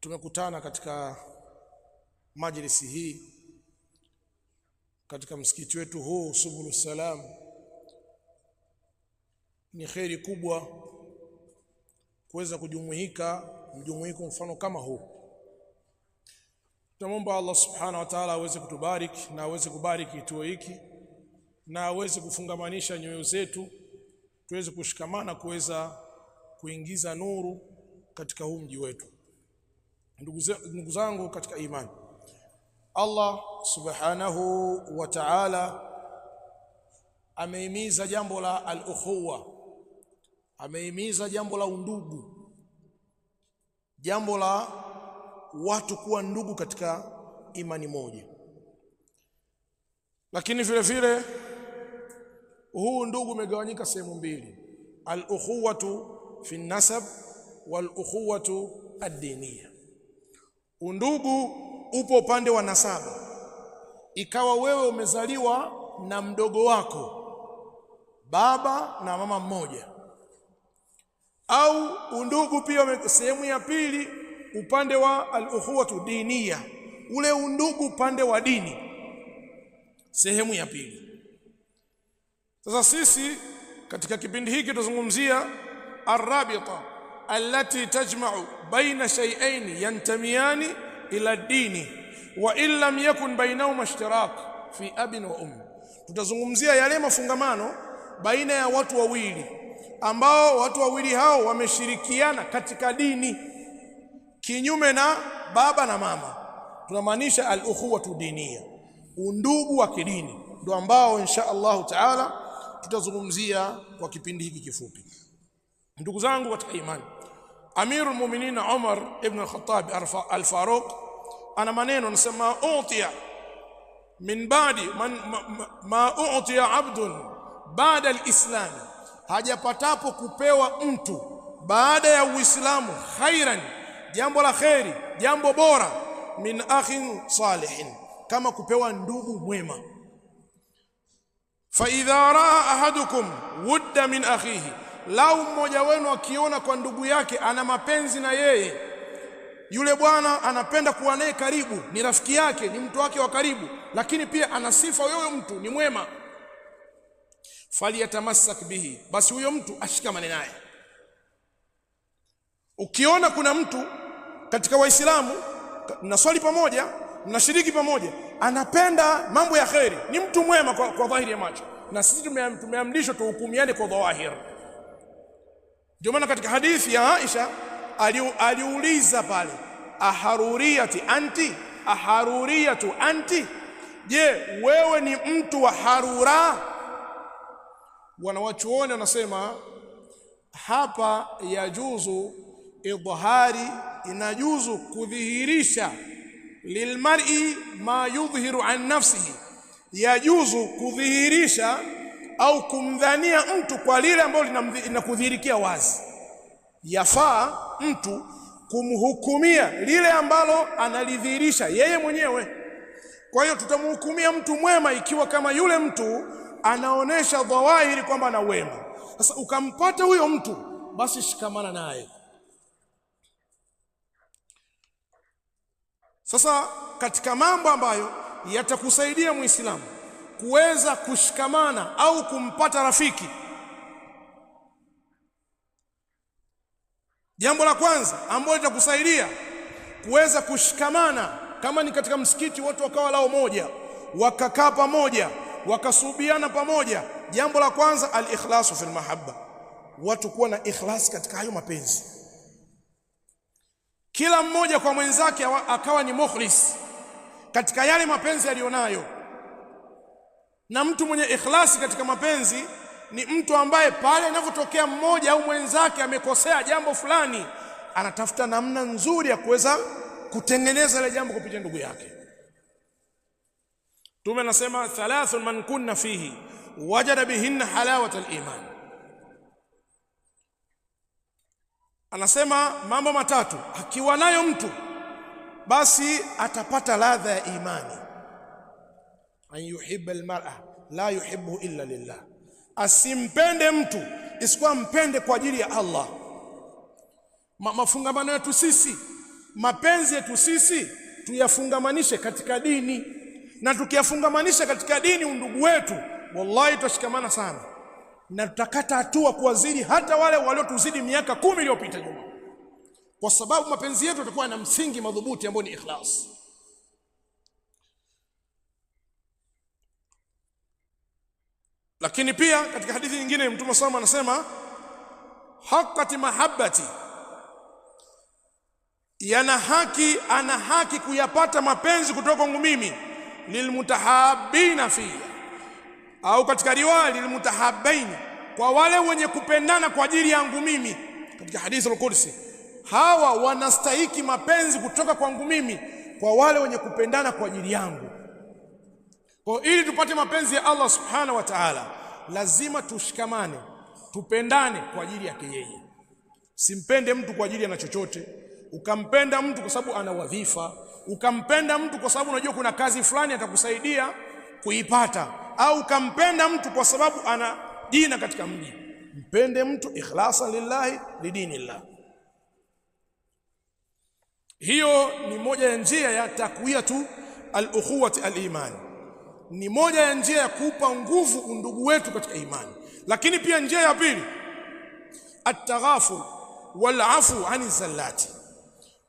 Tumekutana katika majlisi hii katika msikiti wetu huu Subulu Salam. Ni kheri kubwa kuweza kujumuika mjumuiko mfano kama huu. Tunamwomba Allah subhanahu wa taala aweze kutubariki na aweze kubariki kituo hiki na aweze kufungamanisha nyoyo zetu tuweze kushikamana kuweza kuingiza nuru katika huu mji wetu. Ndugu zangu katika imani, Allah subhanahu wa ta'ala ameimiza jambo la al-ukhuwa, ameimiza jambo la undugu, jambo la watu kuwa ndugu katika imani moja. Lakini vile vile huu ndugu umegawanyika sehemu mbili, al fi nasab wal-ukhuwatu ad Undugu upo upande wa nasaba. Ikawa wewe umezaliwa na mdogo wako baba na mama mmoja, au undugu pia sehemu ya pili upande wa al-ukhuwatu diniya, ule undugu upande wa dini, sehemu ya pili. Sasa sisi katika kipindi hiki tutazungumzia arrabita allati tajma'u baina shay'ain yantamiyani ila dini wa in lam yakun bainahuma ishtirak fi abin wa um. Tutazungumzia yale mafungamano baina ya watu wawili ambao watu wawili hao wameshirikiana katika dini kinyume na baba na mama, tunamaanisha al-ukhuwatu diniya, undugu wa kidini, ndio ambao insha Allah taala tutazungumzia kwa kipindi hiki kifupi, ndugu zangu katika imani. أمير المؤمنين عمر ابن الخطاب الفاروق أنا منين نسمى أعطي من بعد من ما أعطي عبد بعد الإسلام hajapatapo kupewa mtu baada ya Uislamu khairan, jambo la kheri, jambo bora, min akhin salihin, kama kupewa ndugu mwema. Fa idha raa ahadukum wudda min akhihi lau mmoja wenu akiona kwa ndugu yake ana mapenzi na yeye, yule bwana anapenda kuwa naye karibu, ni rafiki yake, ni mtu wake wa karibu, lakini pia ana sifa, huyo mtu ni mwema, faliyatamassak bihi, basi huyo mtu ashikamane naye. Ukiona kuna mtu katika Waislamu mnaswali pamoja, mnashiriki pamoja, anapenda mambo ya kheri, ni mtu mwema kwa, kwa dhahiri ya macho, na sisi tumeamrishwa tuhukumiane kwa dhawahiri ndio maana katika hadithi ya Aisha aliuliza pale, aharuriyati anti, aharuriyatu anti, je, wewe ni mtu wa Harura? Wanawachuoni wanasema hapa yajuzu idhhari, inajuzu kudhihirisha lilmar'i ma yudhhiru an nafsihi, yajuzu kudhihirisha au kumdhania mtu kwa lile ambalo linakudhihirikia wazi. Yafaa mtu kumhukumia lile ambalo analidhihirisha yeye mwenyewe. Kwa hiyo tutamhukumia mtu mwema ikiwa kama yule mtu anaonesha dhawahiri kwamba ana wema. Sasa ukampata huyo mtu, basi shikamana naye. Sasa katika mambo ambayo yatakusaidia Muislamu kuweza kushikamana au kumpata rafiki. Jambo la kwanza ambalo litakusaidia kuweza kushikamana, kama ni katika msikiti, watu wakawa lao moja, wakakaa pamoja, wakasubiana pamoja, jambo la kwanza al-ikhlasu fil mahabba, watu kuwa na ikhlas katika hayo mapenzi, kila mmoja kwa mwenzake akawa ni mukhlis katika yale mapenzi aliyonayo. Na mtu mwenye ikhlasi katika mapenzi ni mtu ambaye pale anapotokea mmoja au mwenzake amekosea jambo fulani, anatafuta namna nzuri ya kuweza kutengeneza ile jambo kupitia ndugu yake. Mtume anasema thalathun man kunna fihi wajada bihinna halawata al-iman. Anasema mambo matatu akiwa nayo mtu basi atapata ladha ya imani an yuhibba almar'a la yuhibbu illa lillah, asimpende mtu isikuwa mpende kwa ajili ya Allah. Ma, mafungamano yetu sisi, mapenzi yetu sisi tuyafungamanishe katika dini, na tukiyafungamanisha katika dini, undugu wetu, wallahi tutashikamana sana na tutakata hatua kuwazidi hata wale waliotuzidi miaka kumi iliyopita nyuma, kwa sababu mapenzi yetu yatakuwa na msingi madhubuti ambao ni ikhlas. Lakini pia katika hadithi nyingine Mtume SAW anasema haqqati mahabbati, yana haki, ana haki kuyapata mapenzi kutoka kwangu mimi, lilmutahabina fiya, au katika riwaya lilmutahabaini, kwa wale wenye kupendana kwa ajili yangu mimi. Katika hadithi al-Qudsi, hawa wanastahiki mapenzi kutoka kwangu mimi, kwa wale wenye kupendana kwa ajili yangu kwa ili tupate mapenzi ya Allah subhanahu wa ta'ala, lazima tushikamane, tupendane kwa ajili yake yeye. Simpende mtu kwa ajili ana chochote, ukampenda mtu kwa sababu ana wadhifa, ukampenda mtu kwa sababu unajua kuna kazi fulani atakusaidia kuipata, au ukampenda mtu kwa sababu ana jina katika mji. Mpende mtu ikhlasa lillahi lidinillah. Hiyo ni moja ya njia ya takwiyatu al-ukhuwati al-imani ni moja ya njia ya kuupa nguvu undugu wetu katika imani. Lakini pia njia ya pili, ataghafur walafu ani zallati,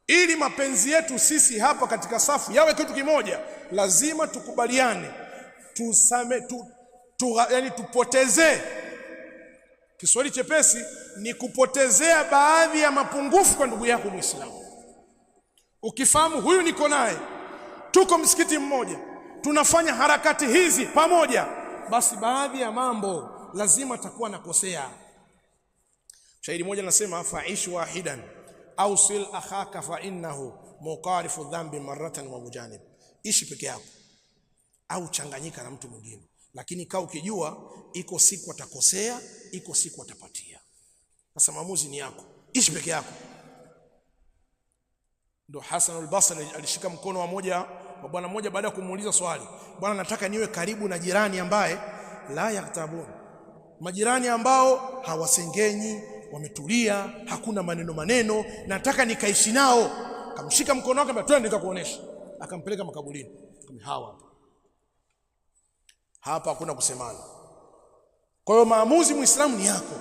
ili mapenzi yetu sisi hapa katika safu yawe kitu kimoja, lazima tukubaliane tusame tu, tu, yani tupotezee. Kiswahili chepesi ni kupotezea baadhi ya mapungufu kwa ndugu yako Mwislamu. Ukifahamu huyu niko naye, tuko msikiti mmoja tunafanya harakati hizi pamoja, basi baadhi ya mambo lazima takuwa nakosea. shahidi moja nasema, faish wahidan au sil akhaka fa innahu muqarifu dhambi maratan wa mujanib, ishi peke yako au changanyika na mtu mwingine, lakini kaa ukijua iko siku atakosea, iko siku atapatia. Sasa maamuzi ni yako, ishi peke yako. Ndo Hasan al-Basri alishika mkono wa moja bwana mmoja baada ya kumuuliza swali, bwana, nataka niwe karibu na jirani ambaye la yaktabun, majirani ambao hawasengenyi, wametulia, hakuna maneno maneno, nataka nikaishi nao. Akamshika mkono wake, na twende nikakuonesha, akampeleka makaburini. Hawa hapa hakuna kusemana. Kwa hiyo maamuzi, Muislamu, ni yako.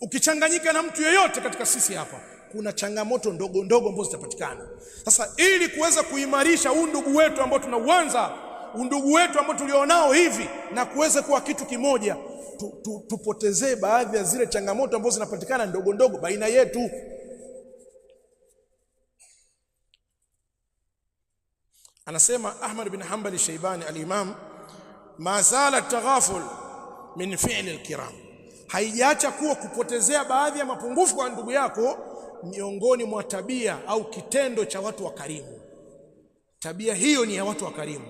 Ukichanganyika na mtu yeyote katika sisi hapa kuna changamoto ndogo ndogo ambazo zitapatikana. Sasa ili kuweza kuimarisha undugu wetu ambao tunauanza, undugu wetu ambao tulionao hivi na kuweza kuwa kitu kimoja, tu, tu, tupotezee baadhi ya zile changamoto ambazo zinapatikana ndogo ndogo baina yetu. Anasema Ahmad bin Hanbal Shaibani al-Imam, mazala taghaful min fi'li al-kiram, haijaacha kuwa kupotezea baadhi ya mapungufu kwa ndugu yako miongoni mwa tabia au kitendo cha watu wakarimu. Tabia hiyo ni ya watu wa karimu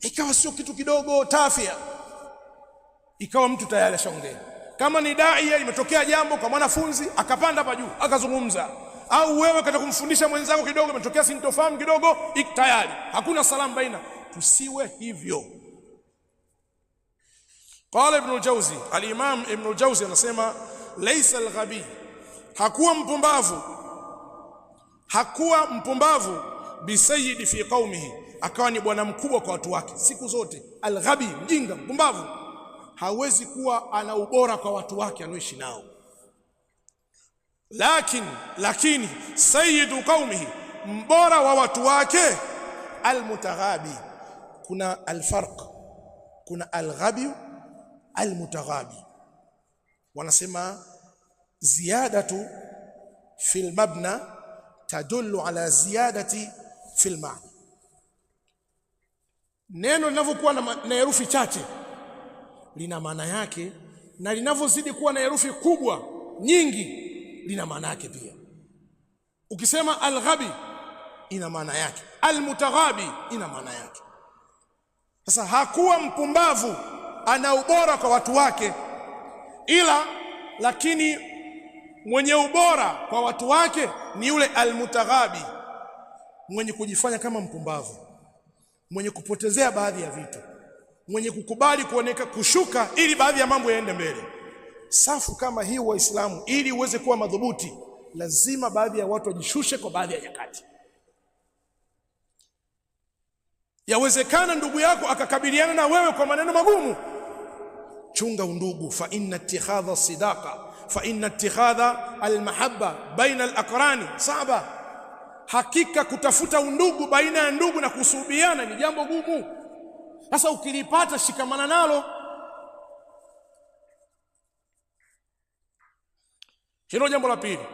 ikawa sio kitu kidogo tafia, ikawa mtu tayari ashaongea. Kama ni daia, imetokea jambo kwa mwanafunzi akapanda hapa juu akazungumza, au wewe kata kumfundisha mwenzako kidogo imetokea sintofahamu kidogo, tayari hakuna salamu baina. Tusiwe hivyo. Qala Ibnul Jauzi, Alimamu Ibnul Jauzi anasema laisa alghabi hakuwa mpumbavu, hakuwa mpumbavu. Bisayidi fi qaumihi, akawa ni bwana mkubwa kwa watu wake siku zote. Alghabi, mjinga, mpumbavu, hawezi kuwa ana ubora kwa watu wake anaoishi nao. Lakini lakini sayidu qaumihi, mbora wa watu wake. Almutaghabi, kuna alfarq, kuna alghabi, almutaghabi wanasema ziyadatu fi lmabna tadulu ala ziyadati fi lmana Neno linavyokuwa na herufi chache lina maana yake, na linavyozidi kuwa na herufi kubwa nyingi lina maana yake pia. Ukisema alghabi ina maana yake, almutaghabi ina maana yake. Sasa hakuwa mpumbavu, ana ubora kwa watu wake, ila lakini Mwenye ubora kwa watu wake ni yule almutaghabi, mwenye kujifanya kama mpumbavu, mwenye kupotezea baadhi ya vitu, mwenye kukubali kuoneka kushuka ili baadhi ya mambo yaende mbele. Safu kama hii Waislamu, ili uweze kuwa madhubuti, lazima baadhi ya watu wajishushe kwa baadhi ya nyakati. Yawezekana ndugu yako akakabiliana na wewe kwa maneno magumu. Chunga undugu, fa inna ittihadha sidaka fa inna ittikhadha almahabba baina alaqrani saba, hakika kutafuta undugu baina ya ndugu na kusubiana ni jambo gumu. Sasa ukilipata shikamana nalo. Hilo jambo la pili.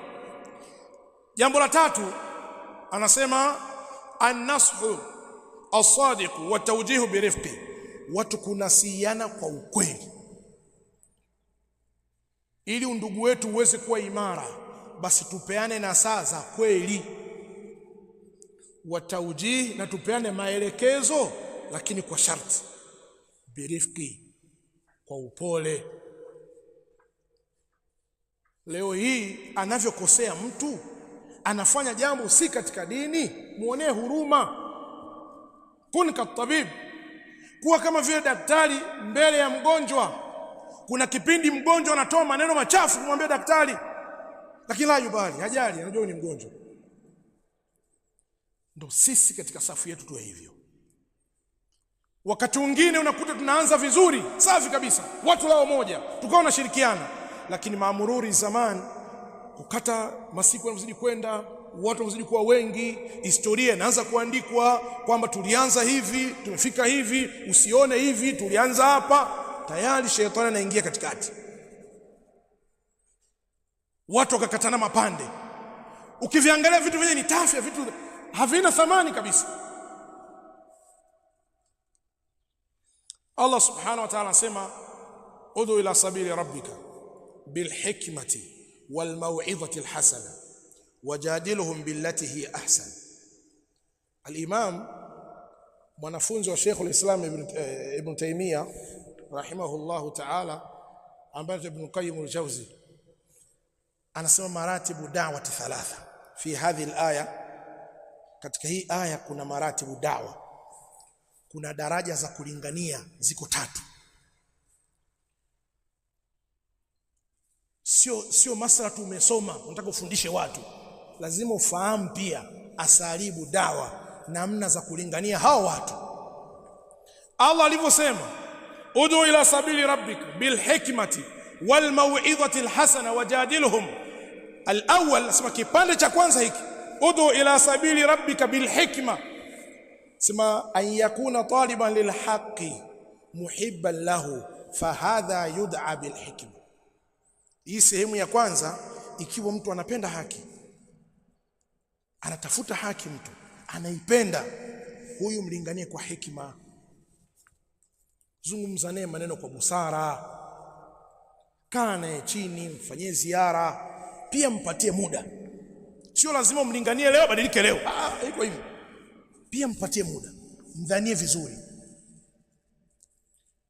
Jambo la tatu anasema annashu alsadiqu wa tawjihu birifqi, watu kunasiana kwa ukweli ili undugu wetu uweze kuwa imara, basi tupeane nasaha za kweli taujihi na tupeane maelekezo, lakini kwa sharti birifki, kwa upole. Leo hii anavyokosea mtu, anafanya jambo si katika dini, muonee huruma. Kun katabibu, kuwa kama vile daktari mbele ya mgonjwa kuna kipindi mgonjwa anatoa maneno machafu kumwambia daktari, lakini la yubali, hajali, anajua ni mgonjwa. Ndo sisi katika safu yetu tuwe hivyo. Wakati mwingine unakuta tunaanza vizuri, safi kabisa, watu lao moja, tukawa tunashirikiana, lakini maamururi zamani kukata masiku yanazidi kwenda, watu wanazidi kuwa wengi, historia inaanza kuandikwa kwamba tulianza hivi, tumefika hivi, usione hivi, tulianza hapa tayari shetani anaingia katikati, watu wakakatana mapande. Ukiviangalia vitu vyenye ni tafya, vitu havina thamani kabisa. Allah subhanahu wa ta'ala anasema ud'u ila sabili rabbika bilhikmati walmaw'izati lhasana wajadilhum billati hiya ahsan. Alimam mwanafunzi wa Sheikh al-Islam Ibn, eh, Ibn Taymiyyah rahimahullahu ta'ala, ambaye Ibn Qayyim al-Jawzi anasema maratibu da'wati thalatha fi hadhihi al-aya, katika hii aya kuna maratibu da'wa, kuna daraja za kulingania ziko tatu. Sio, sio masala tu umesoma unataka ufundishe watu, lazima ufahamu pia asalibu dawa, namna za kulingania hao watu. Allah alivyosema ud'u ila sabili rabbik bilhikmati walmauidhati lhasana wajadilhum. Alawal nasema kipande cha kwanza hiki, ud'u ila sabili rabbika bilhikma, sema an yakuna taliban lilhaqi muhibban lahu fahadha yud'a bilhikma. Hii sehemu ya kwanza, ikiwa mtu anapenda haki, anatafuta haki, mtu anaipenda, huyu mlinganie kwa hikma zungumza naye maneno kwa busara, kaa naye chini, mfanyie ziara, pia mpatie muda. Sio lazima mlinganie leo badilike leo, ah, ah iko hivyo. Pia mpatie muda, mdhanie vizuri.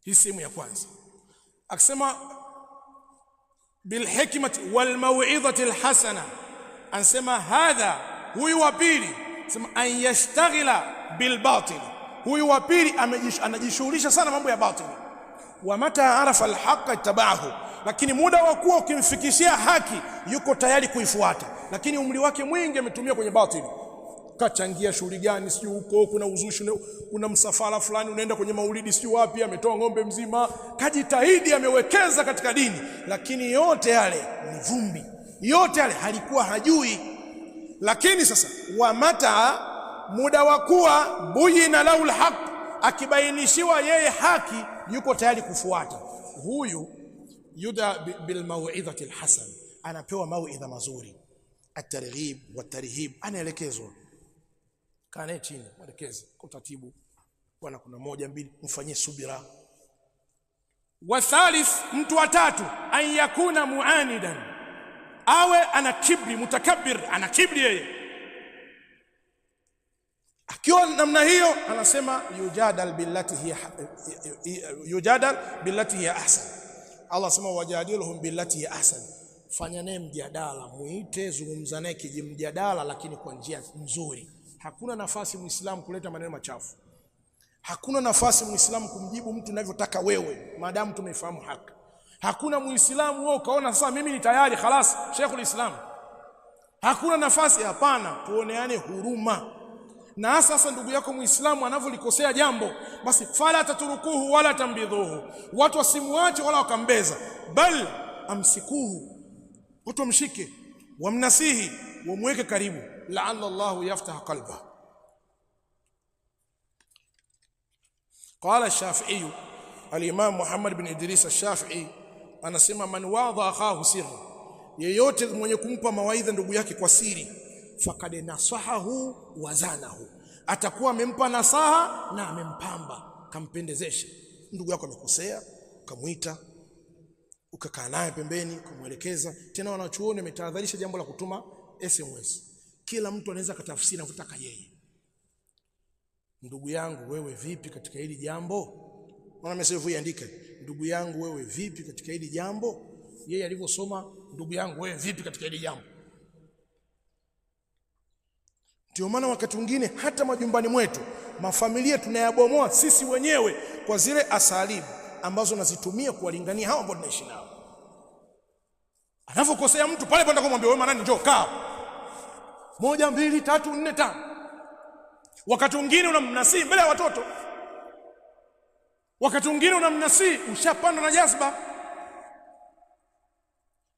Hii sehemu ya kwanza akisema bilhikmati walmauidhati alhasana, ansema hadha, huyu wa pili sema an yashtaghila bilbatili Huyu wa pili anajishughulisha sana mambo ya batili. Wa mata arafa alhaqa tabahu lakini muda wa kuwa ukimfikishia haki yuko tayari kuifuata, lakini umri wake mwingi ametumia kwenye batili. Kachangia shughuli gani? Sijui huko kuna uzushi, kuna msafara fulani unaenda kwenye maulidi, sijui wapi, ametoa ng'ombe mzima, kajitahidi, amewekeza katika dini, lakini yote yale ni vumbi, yote yale halikuwa hajui. Lakini sasa wamata muda wa kuwa buyina lahu lhaq, akibainishiwa yeye haki yuko tayari kufuata. Huyu yuda bilmauidhati lhasan, anapewa mauidha mazuri, atarghib watarhib, anaelekezwa kanae chini, mwelekeze kwa utaratibu, bwana, kuna moja mbili, mfanyie subira. Wathalith, mtu wa tatu, an yakuna muanidan, awe ana kibri, mutakabbir, ana kibri yeye Akiwa namna hiyo, anasema yujadal billati hiya eh, eh, eh, yujadal billati hiya ahsan. Allah asema wajadilhum billati hiya ahsan, fanya naye mjadala, muite, zungumza naye kijimjadala, lakini kwa njia nzuri. Hakuna nafasi muislamu kuleta maneno machafu. Hakuna nafasi muislamu kumjibu mtu unavyotaka wewe, maadamu tumefahamu haki. Hakuna muislamu wewe ukaona sasa mimi ni tayari khalas, shekhu Islam. Hakuna nafasi, hapana. Tuoneane huruma na sasa ndugu yako Muislamu anavyolikosea jambo, basi fala taturukuhu wala tambidhuhu, watu wasimuache wala wakambeza, bal amsikuhu, watu wamshike, wamnasihi, wamweke karibu, laala llahu yaftah qalba. Qala Shafi'i, al-Imam Muhammad bin Idris ashafii shafii anasema man wadha akhahu sirra, yeyote mwenye kumpa mawaidha ndugu yake kwa siri fakad nasahahu wa zanahu, atakuwa amempa nasaha na amempamba, kampendezesha. Ndugu yako amekosea, ukamwita ukakaa naye pembeni, kumwelekeza. Tena wanachuoni wametahadharisha jambo la kutuma SMS. Kila mtu anaweza katafsiri anavyotaka yeye. Ndugu yangu wewe vipi katika hili jambo? Maana message hii andike, ndugu yangu wewe vipi katika hili jambo? Yeye alivyosoma, ndugu yangu wewe vipi katika hili jambo ndio maana wakati mwingine hata majumbani mwetu mafamilia tunayabomoa sisi wenyewe kwa zile asalibu ambazo nazitumia kuwalingania hawa ambao tunaishi nao. Anapokosea mtu pale pale atakomwambia wewe, maana njoo kaa moja mbili tatu nne tano. Wakati mwingine unamnasii mbele ya watoto, wakati mwingine unamnasii ushapandwa na jazba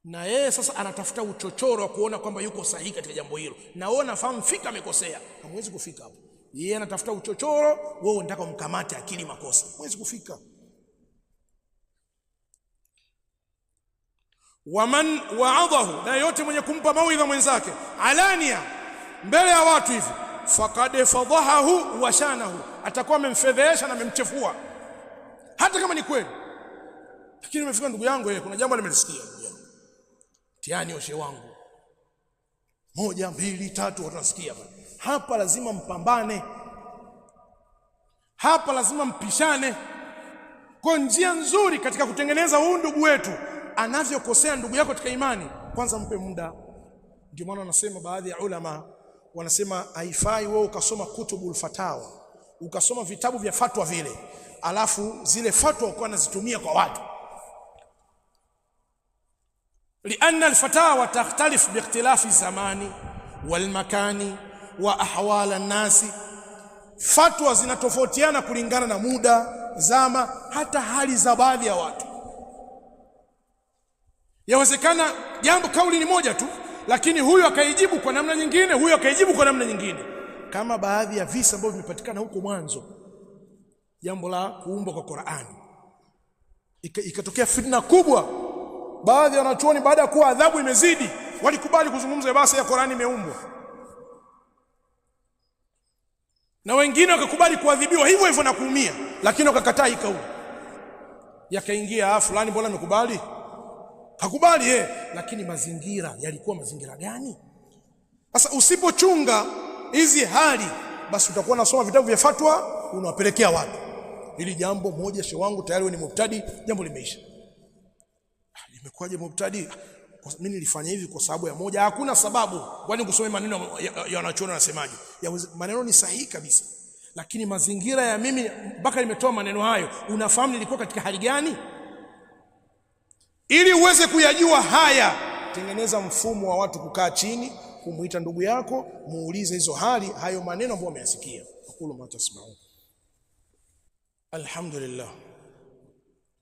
na yeye sasa anatafuta uchochoro wa kuona kwamba yuko sahihi katika jambo hilo, na wewe unafahamu fika amekosea, hamwezi kufika hapo. Yeye anatafuta uchochoro, wewe unataka umkamate akili makosa, hamwezi kufika. Waman waadhahu, na yote mwenye kumpa mauidha mwenzake alania, mbele ya watu hivi, faqad fadhahahu wa shanahu, atakuwa amemfedhesha na amemchefua, hata kama ni kweli. Lakini umefika ndugu yangu, yeye kuna jambo limelisikia tiani oshe wangu, moja mbili tatu, watasikia hapa. Lazima mpambane hapa, lazima mpishane. Kwa njia nzuri katika kutengeneza huu ndugu wetu anavyokosea ndugu yako katika imani, kwanza mpe muda. Ndio maana wanasema baadhi ya ulama wanasema haifai wewe ukasoma kutubul fatawa, ukasoma vitabu vya fatwa vile, alafu zile fatwa ukawa nazitumia kwa watu liana alfatawa takhtalif biikhtilafi zamani walmakani wa ahwala nnasi, fatwa zinatofautiana kulingana na muda, zama, hata hali za baadhi ya watu. Yawezekana jambo kauli ni moja tu, lakini huyu akaijibu kwa namna nyingine, huyu akaijibu kwa namna nyingine, kama baadhi ya visa ambavyo vimepatikana huko mwanzo, jambo la kuumbwa kwa Qur'ani, ikatokea fitna kubwa Baadhi ya wanachuoni baada ya kuwa adhabu imezidi, walikubali kuzungumza basi ya Qur'ani imeumbwa, na wengine wakakubali kuadhibiwa hivyo hivyo na kuumia, lakini wakakataa hii kauli. Yakaingia ah, fulani mbona amekubali? Hakubali yeye, eh, lakini mazingira yalikuwa mazingira gani? Sasa usipochunga hizi hali, basi utakuwa unasoma vitabu vya fatwa unawapelekea watu. Hili jambo moja, shehe wangu, tayari wewe ni mubtadi, jambo limeisha imekuwaje mubtadi? Mimi nilifanya hivi kwa sababu ya moja, hakuna sababu. Kwani kusoma maneno ya wanachuoni wanasemaje? Maneno ni sahihi kabisa, lakini mazingira ya mimi mpaka nimetoa maneno hayo, unafahamu nilikuwa katika hali gani? Ili uweze kuyajua haya, tengeneza mfumo wa watu kukaa chini, kumwita ndugu yako, muulize hizo hali, hayo maneno ambayo umeyasikia. Aqulu ma tasmaun. Alhamdulillah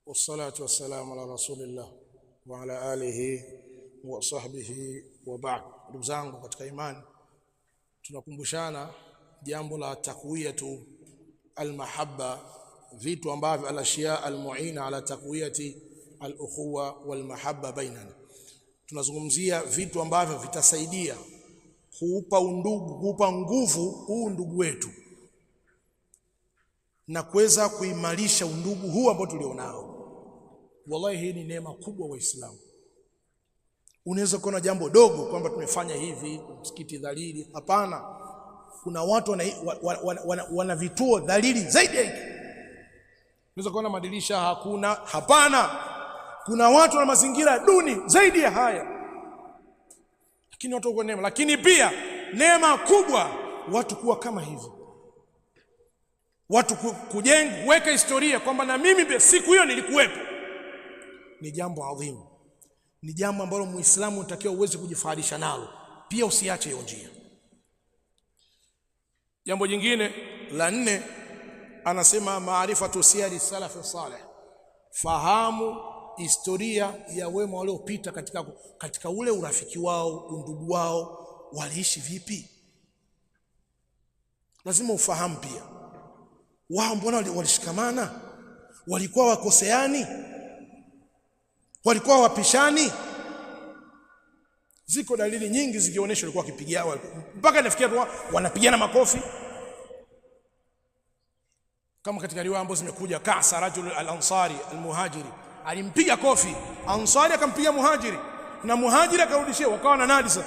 wassalatu wassalamu ala rasulillah wa ala alihi wa sahbihi wa ba'd. Ndugu zangu katika imani, tunakumbushana jambo la takwiyatu almahabba, vitu ambavyo alashia almuina ala takwiyati alukhuwa walmahabba bainana. Tunazungumzia vitu ambavyo vitasaidia kuupa undugu, kuupa nguvu huu ndugu wetu na kuweza kuimarisha undugu huu ambao tulionao. Wallahi, hii ni neema kubwa Waislamu. Unaweza kuona jambo dogo kwamba tumefanya hivi msikiti dhalili. Hapana, kuna watu wana, wana, wana, wana, wana vituo dhalili zaidi ya hiki. Unaweza kuona madirisha hakuna. Hapana, kuna watu na mazingira duni zaidi ya haya, lakini watu wako neema. Lakini pia neema kubwa watu kuwa kama hivi, watu kujenga, kuweka historia kwamba na mimi siku hiyo nilikuwepo ni jambo adhimu, ni jambo ambalo Muislamu unatakiwa uweze kujifaharisha nalo, pia usiache hiyo njia. Jambo jingine la nne, anasema maarifatu siyari salafi saleh, fahamu historia ya wema waliopita katika, katika ule urafiki wao, undugu wao, waliishi vipi? Lazima ufahamu pia wao, mbona walishikamana? Walikuwa wakoseani? walikuwa wapishani ziko dalili nyingi zikionyesha walikuwa wakipigia mpaka nafikia tu wanapigana makofi kama katika riwaya ambazo zimekuja kasa rajul al-ansari al-muhajiri alimpiga kofi ansari akampiga muhajiri na muhajiri akarudishia wakawa na nadi sasa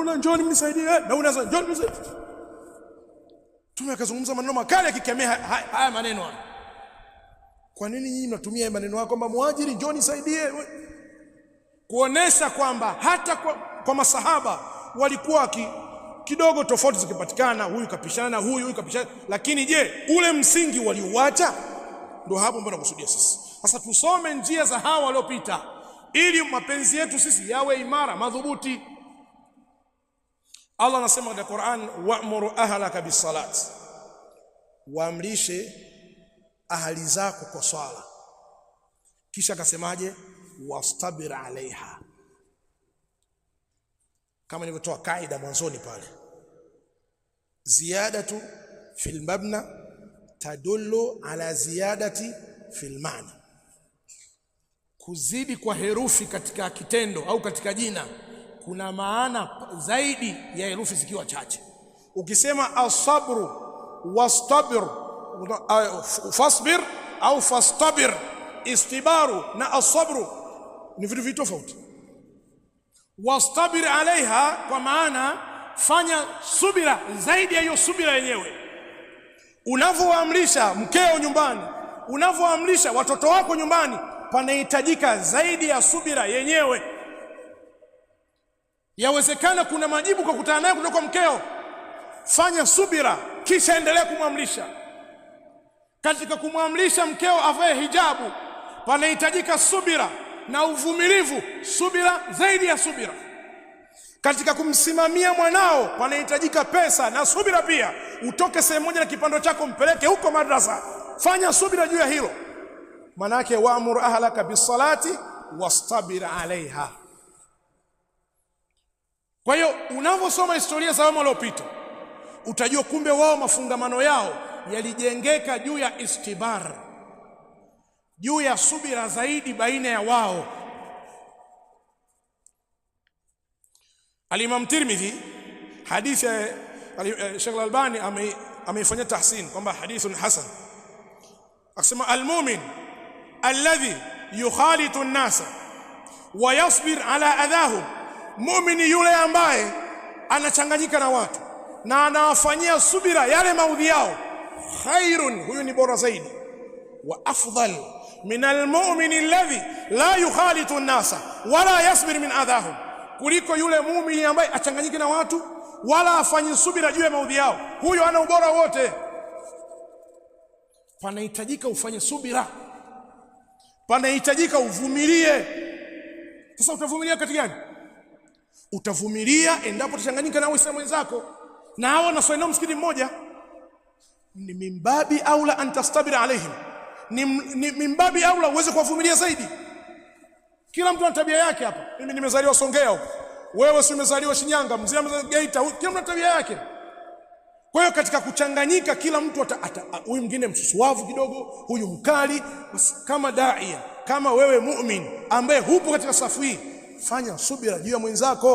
una njoni mnisaidie eh? na una njoni mnisaidie tumekazungumza akazungumza maneno makali akikemea haya maneno haya kwa nini nyinyi mnatumia maneno hayo kwamba muajiri, njoo nisaidie, kuonesha kwamba hata kwa, kwa masahaba walikuwa ki, kidogo tofauti zikipatikana, huyu kapishana huyu, huyu kapishana, lakini je, ule msingi waliouacha? Ndio hapo mbona kusudia sisi sasa tusome njia za hawa waliopita, ili mapenzi yetu sisi yawe imara madhubuti. Allah anasema katika Qur'an, wa'muru ahlaka bis-salat, waamrishe ahali zako kwa swala. Kisha akasemaje? wastabir alaiha, kama nilivyotoa kaida mwanzoni pale, ziyadatu fil mabna tadullu ala ziyadati fil maana, kuzidi kwa herufi katika kitendo au katika jina kuna maana zaidi ya herufi zikiwa chache. Ukisema asabru wastabir fasbir au fastabir, istibaru na asabru ni vitu tofauti. Wastabir alaiha, kwa maana fanya subira zaidi ya hiyo subira yenyewe. Unavyoamrisha mkeo nyumbani, unavyoamrisha watoto wako nyumbani, panahitajika zaidi ya subira yenyewe. Yawezekana kuna majibu kwa kutana naye kutoka mkeo, fanya subira, kisha endelea kumwamrisha katika kumwamrisha mkeo avae hijabu panahitajika subira na uvumilivu, subira zaidi ya subira. Katika kumsimamia mwanao panahitajika pesa na subira pia. Utoke sehemu moja na kipando chako mpeleke huko madrasa, fanya subira juu ya hilo. Manake waamur ahlaka bisalati wastabir alaiha. Kwa hiyo unavyosoma historia za wema waliopita utajua kumbe wao mafungamano yao yalijengeka juu ya istibar, juu ya subira zaidi baina ya wao. Alimam Tirmidhi, hadithi eh, Sheikh Albani ameifanyia tahsin kwamba hadithun hasan, akasema almumin alladhi yukhalitu nnasa wa yasbir ala adhahum, mumini yule ambaye anachanganyika na watu na anawafanyia subira yale maudhi yao khairun, huyu ni bora zaidi, wa afdal min almumini alladhi la yukhalitu nasa wala yasbir min adhahum, kuliko yule muumini ambaye achanganyike na watu wala afanye subira juu ya maudhi yao. Huyo ana ubora wote. Panahitajika ufanye subira, panahitajika uvumilie. Sasa utavumilia kati gani? Utavumilia endapo utachanganyika na Waislamu wenzako na hao wanaswali nao msikiti mmoja ni mimbabi aula an alaihim, ni, ni mimbabi aula uweze kuwavumilia zaidi. Kila mtu ana tabia yake hapa. Mimi nimezaliwa Songea huko, wewe si umezaliwa Shinyanga, mzee Geita, kila mtu ana tabia yake. Kwa hiyo katika kuchanganyika, kila mtu huyu mwingine msusuavu kidogo, huyu mkali. Kama daia, kama wewe mumin ambaye hupo katika safu hii, fanya subira juu ya mwenzako,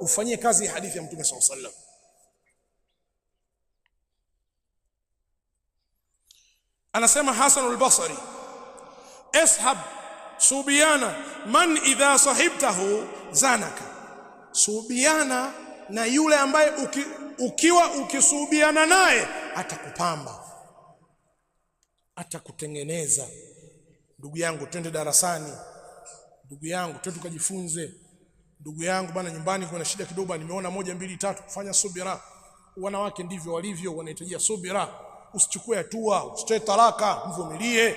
ufanyie kazi ya hadithi ya Mtume sallallahu alaihi wasallam. Anasema Hasan al-Basri, ishab subiana man idha sahibtahu zanaka, subiana na yule ambaye uki, ukiwa ukisubiana naye atakupamba, atakutengeneza. Ndugu yangu, twende darasani. Ndugu yangu, twende tukajifunze. Ndugu yangu bana, nyumbani kuna shida kidogo, nimeona moja mbili tatu, fanya subira. Wanawake ndivyo walivyo, wanahitajia subira usichukue hatua, usitoe talaka, mvumilie.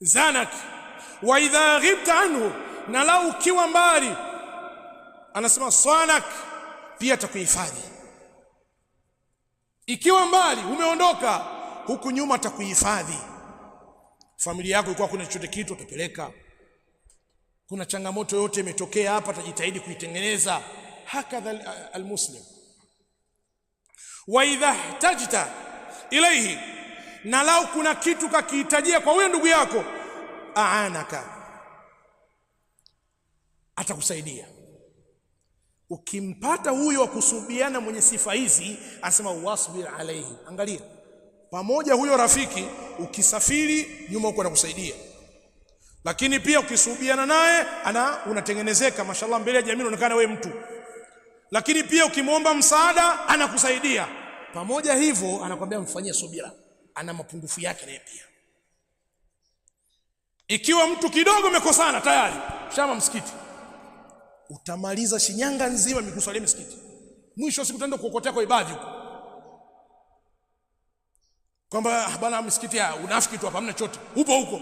Zanak wa idha ghibta anhu, na lau ukiwa mbali, anasema sanak pia atakuhifadhi. Ikiwa mbali umeondoka, huku nyuma atakuhifadhi. Familia yako ilikuwa kuna chochote kitu utapeleka, kuna changamoto yote imetokea hapa, atajitahidi kuitengeneza. Hakadha almuslim al wa idha htajta ilaihi, na lau kuna kitu kakihitajia kwa huyo ndugu yako, aanaka, atakusaidia. Ukimpata huyo wa kusubiana mwenye sifa hizi, anasema wasbir alaihi. Angalia pamoja huyo rafiki, ukisafiri nyuma huko anakusaidia, lakini pia ukisubiana naye ana unatengenezeka, mashallah, mbele ya jamii unaonekana wewe mtu, lakini pia ukimwomba msaada anakusaidia pamoja hivyo, anakwambia mfanyie subira, ana mapungufu yake naye pia. Ikiwa mtu kidogo amekosana tayari shama msikiti, utamaliza Shinyanga nzima mikusalia msikiti, mwisho siku utaenda kuokotea kwa ibadhi huko, kwamba ah, bwana msikiti ya ah, unafiki tu hapa, hamna chote, upo huko.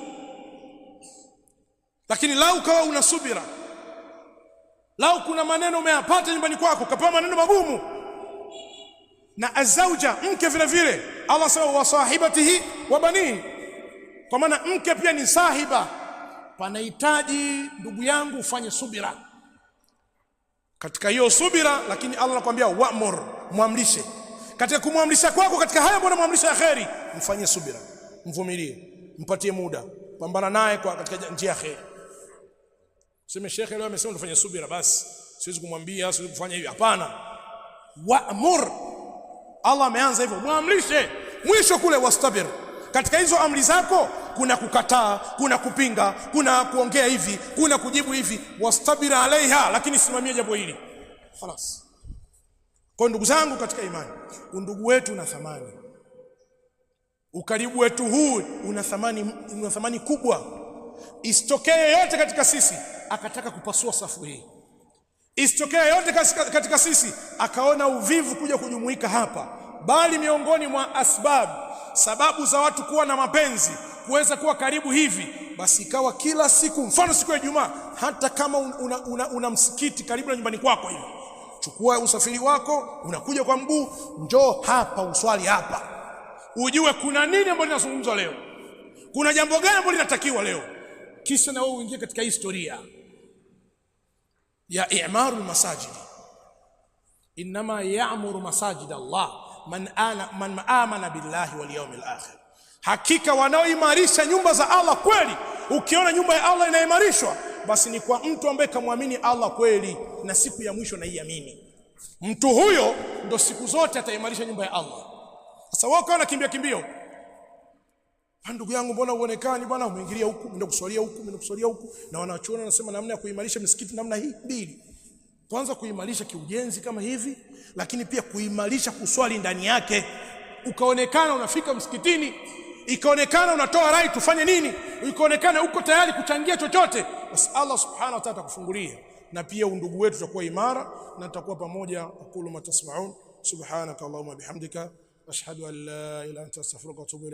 Lakini lau ukawa una subira, lau kuna maneno umeyapata nyumbani kwako, ukapewa maneno magumu na azauja mke vile vile, Allah sema wa sahibatihi wa banihi, kwa maana mke pia ni sahiba. Panahitaji ndugu yangu ufanye subira katika hiyo subira, lakini Allah anakuambia wa'mur, muamrishe. Katika kumwamrisha kwako katika haya ambayo namwamrisha ya kheri, mfanye subira, mvumilie, mpatie muda, pambana naye kwa katika njia ya kheri. Sema shekhe leo amesema tufanye subira, basi siwezi kumwambia siwezi kufanya hivi. Hapana, wa'mur Allah ameanza hivyo, mwamlishe. Mwisho kule wastabir, katika hizo amri zako kuna kukataa, kuna kupinga, kuna kuongea hivi, kuna kujibu hivi. Wastabir alaiha, lakini simamia jambo hili khalas. Kwa ndugu zangu katika imani, undugu wetu una thamani, ukaribu wetu huu una thamani, una thamani kubwa. Isitokee yoyote katika sisi akataka kupasua safu hii. Isitokea yote katika sisi akaona uvivu kuja kujumuika hapa, bali miongoni mwa asbabu, sababu za watu kuwa na mapenzi, kuweza kuwa karibu hivi, basi ikawa kila siku, mfano siku ya Ijumaa, hata kama una, una, una msikiti karibu na nyumbani kwako hivi, chukua usafiri wako, unakuja kwa mguu, njoo hapa uswali hapa, ujue kuna nini ambayo linazungumzwa leo, kuna jambo gani ambalo linatakiwa leo, kisha na wewe uingie katika historia ya i'maru lmasajidi innama ya'muru masajid Allah man, ana, man amana billahi wal yawmil akhir, hakika wanaoimarisha nyumba za Allah kweli. Ukiona nyumba ya Allah inaimarishwa, basi ni kwa mtu ambaye kamwamini Allah kweli na siku ya mwisho naiamini. Mtu huyo ndo siku zote ataimarisha nyumba ya Allah. Sasa wao na kimbia kimbio Ah, ndugu yangu, mbona uonekani bwana, umeingilia huku, umeenda kuswalia huku, umeenda kuswalia huku. Na wanachuoni nasema namna ya kuimarisha misikiti namna hii mbili, kwanza kuimarisha kiujenzi kama hivi, lakini pia kuimarisha kuswali ndani yake, ukaonekana unafika msikitini, ikaonekana unatoa rai tufanye nini, ikaonekana uko tayari kuchangia chochote, basi Allah subhanahu wa ta'ala atakufungulia, na pia undugu wetu utakuwa imara na tutakuwa pamoja. aqulu matasmaun subhanaka allahumma bihamdika ashhadu an la ilaha illa anta astaghfiruka wa atubu